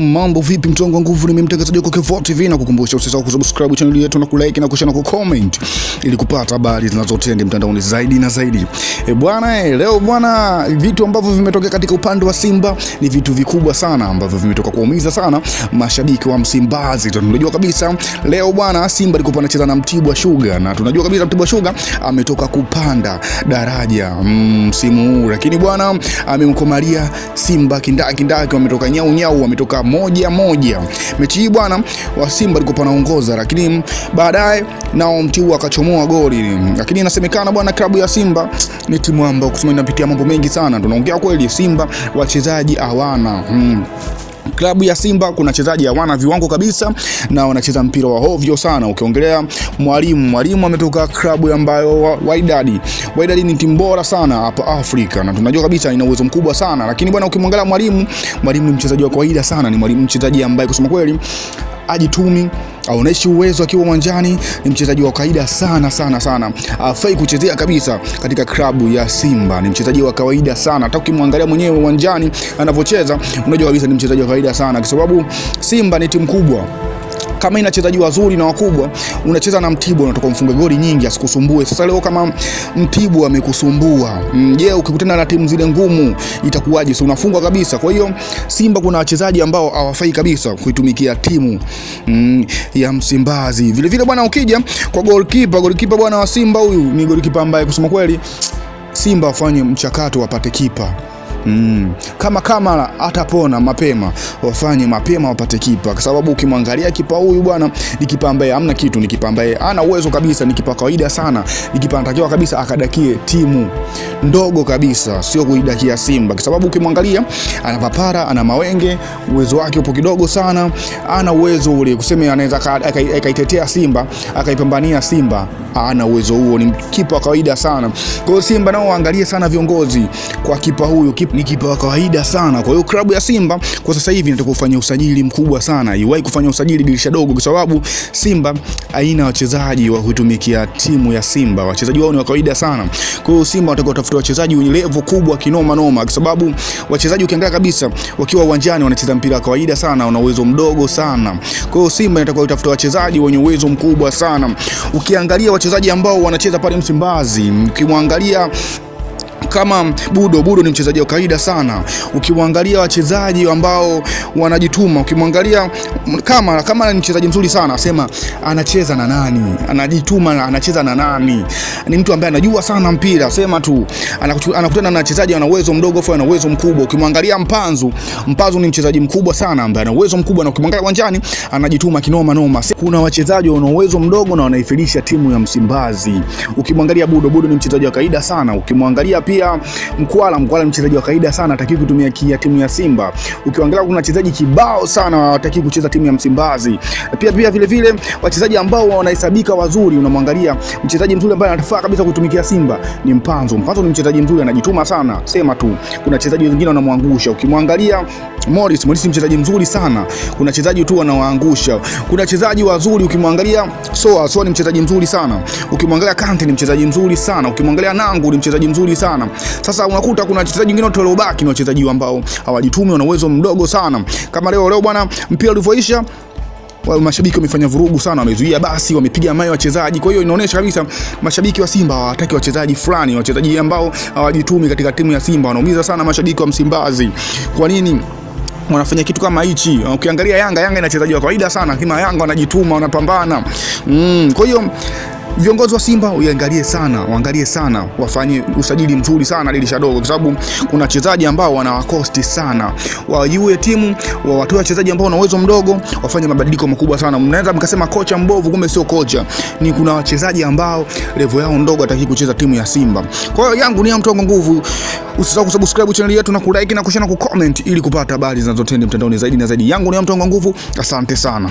mambo vipi, mtongo wa nguvu, nimemtangazaji kwa Kevoo TV na kukumbusha usisahau kusubscribe channel yetu na kulike na kushare na kucomment ili kupata habari zinazotendi mtandaoni zaidi na zaidi. E bwana e, leo bwana, vitu ambavyo vimetokea katika upande wa Simba ni vitu vikubwa sana ambavyo vimetoka kuumiza sana mashabiki wa Msimbazi. Tunajua kabisa leo bwana, Simba alikuwa anacheza na Mtibwa Sugar na tunajua kabisa Mtibwa Sugar ametoka kupanda daraja mm, msimu mm, huu, lakini bwana amemkomalia Simba kindaki ndaki, wametoka nyau nyau, wametoka moja moja. Mechi hii bwana wa Simba alikuwa panaongoza, lakini baadaye nao mtiu akachomoa goli. Lakini inasemekana bwana, klabu ya Simba ni timu ambayo kusema inapitia mambo mengi sana. Tunaongea kweli, Simba wachezaji hawana hmm klabu ya Simba kuna wachezaji hawana viwango kabisa na wanacheza mpira wa hovyo sana. Ukiongelea mwalimu, mwalimu ametoka klabu ambayo Wydad. Wydad ni timu bora sana hapa Afrika na tunajua kabisa ina uwezo mkubwa sana, lakini bwana, ukimwangalia mwalimu, mwalimu ni mchezaji wa kawaida sana, ni mwalimu mchezaji ambaye kusema kweli ajitumi aoneshi uwezo akiwa uwanjani, ni mchezaji wa kawaida sana sana sana, afai kuchezea kabisa katika klabu ya Simba. Ni mchezaji wa kawaida sana, hata ukimwangalia mwenyewe uwanjani anavyocheza, unajua kabisa ni mchezaji wa kawaida sana, kwa sababu Simba ni timu kubwa kama ina wachezaji wazuri na wakubwa, unacheza na Mtibwa unatoka mfunga goli nyingi asikusumbue. Sasa leo kama Mtibwa amekusumbua, mm, je, ukikutana na timu zile ngumu itakuwaje? Si unafungwa kabisa. Kwa hiyo Simba kuna wachezaji ambao hawafai kabisa kuitumikia timu mm, ya Msimbazi. Vile vile bwana, ukija kwa goalkeeper, goalkeeper bwana wa Simba huyu ni goalkeeper ambaye kusema kweli Simba wafanye mchakato wapate kipa. Mm. Kama Kamara atapona mapema, wafanye mapema wapate kipa, kwa sababu ukimwangalia kipa huyu bwana ni kipa ambaye hamna kitu, ni kipa ambaye ana uwezo kabisa, ni kipa kawaida sana, ni kipa anatakiwa kabisa akadakie timu ndogo kabisa, sio kuidakia Simba, kwa sababu ukimwangalia ana papara, ana mawenge, uwezo wake upo kidogo sana, ana uwezo ule kuseme anaweza akaitetea Simba, akaipambania Simba, ana uwezo huo, ni kipa kawaida sana. Kwa hiyo Simba nao waangalie sana viongozi kwa kipa huyu kipa ni wa kawaida sana. Kwa hiyo klabu ya Simba kwa sasa hivi inataka kufanya usajili mkubwa sana, iwahi kufanya usajili dirisha dogo, kwa sababu Simba haina wachezaji wa kutumikia timu ya Simba. Wachezaji wao ni wa kawaida sana. Kwa hiyo Simba wanataka kutafuta wachezaji wenye level kubwa kinoma noma, kwa sababu wachezaji ukiangalia kabisa wakiwa uwanjani wanacheza mpira kawaida sana, wana uwezo mdogo sana. Kwa hiyo Simba inataka kutafuta wachezaji wenye uwezo mkubwa sana. Ukiangalia wachezaji ambao wanacheza pale Msimbazi, ukimwangalia kama Budo. Budo ni mchezaji wa kawaida sana, ukimwangalia wachezaji ambao wanajituma, ukimwangalia kama kama ni mchezaji mzuri sana, asema anacheza na nani, anajituma, anacheza na nani, ni mtu ambaye anajua sana mpira, sema tu anakutana na wachezaji wana uwezo mdogo au ana uwezo mkubwa. Ukimwangalia Mpanzu, Mpanzu ni mchezaji mkubwa sana ambaye ana uwezo mkubwa, na ukimwangalia uwanjani anajituma kinoma noma. Kuna wachezaji wana uwezo mdogo na wanaifilisha timu ya Msimbazi. Ukimwangalia Budo, Budo ni mchezaji wa kawaida sana, ukimwangalia pia pia Mkwala, Mkwala mchezaji wa kawaida sana, hataki kutumia kia timu ya Simba. Ukiangalia kuna wachezaji kibao sana hataki kucheza timu ya Msimbazi. Pia pia vile vile wachezaji ambao wanahesabika wazuri, unamwangalia mchezaji mzuri ambaye anafaa kabisa kutumikia Simba ni Mpanzo. Mpanzo ni mchezaji mzuri, anajituma sana, sema tu. Kuna wachezaji wengine wanamwangusha, ukimwangalia Morris, Morris mchezaji mzuri sana. Kuna wachezaji tu wanawaangusha. Kuna wachezaji wazuri ukimwangalia Soa, Soa ni mchezaji mzuri sana. Ukimwangalia Kante ni mchezaji mzuri sana. Ukimwangalia Nangu ni mchezaji mzuri sana. Sasa unakuta kuna wachezaji wengine wote waliobaki ni wachezaji ambao hawajitumi, wana uwezo mdogo sana. Kama leo leo bwana mpira ulivyoisha wa mashabiki wamefanya vurugu sana, wamezuia basi, wamepiga mayo wachezaji. Kwa hiyo inaonyesha kabisa mashabiki wa Simba hawataki wachezaji fulani, wachezaji ambao hawajitumi katika timu ya Simba. Wanaumiza sana mashabiki wa Msimbazi. Kwa nini? wanafanya kitu kama hichi. Ukiangalia Yanga, Yanga inachezaji wa kawaida sana, lakini Yanga wanajituma, wanapambana. Mm, kwa hiyo viongozi wa Simba uangalie sana, uangalie sana, wafanye usajili mzuri sana dirisha dogo, kwa sababu kuna wachezaji ambao wanawakosti sana. Wajue timu wawatoe wachezaji ambao wana uwezo mdogo, wafanye mabadiliko makubwa sana. Mnaweza mkasema kocha mbovu, kumbe sio kocha, ni kuna wachezaji ambao level yao ndogo, hataki kucheza timu ya Simba. Kwa hiyo yangu ni ya mtongo nguvu. Usisahau kusubscribe channel yetu na kulike na kushare na kucomment ili kupata habari zinazotrend mtandaoni zaidi na zaidi. Yangu ni ya mtongo nguvu. Asante sana.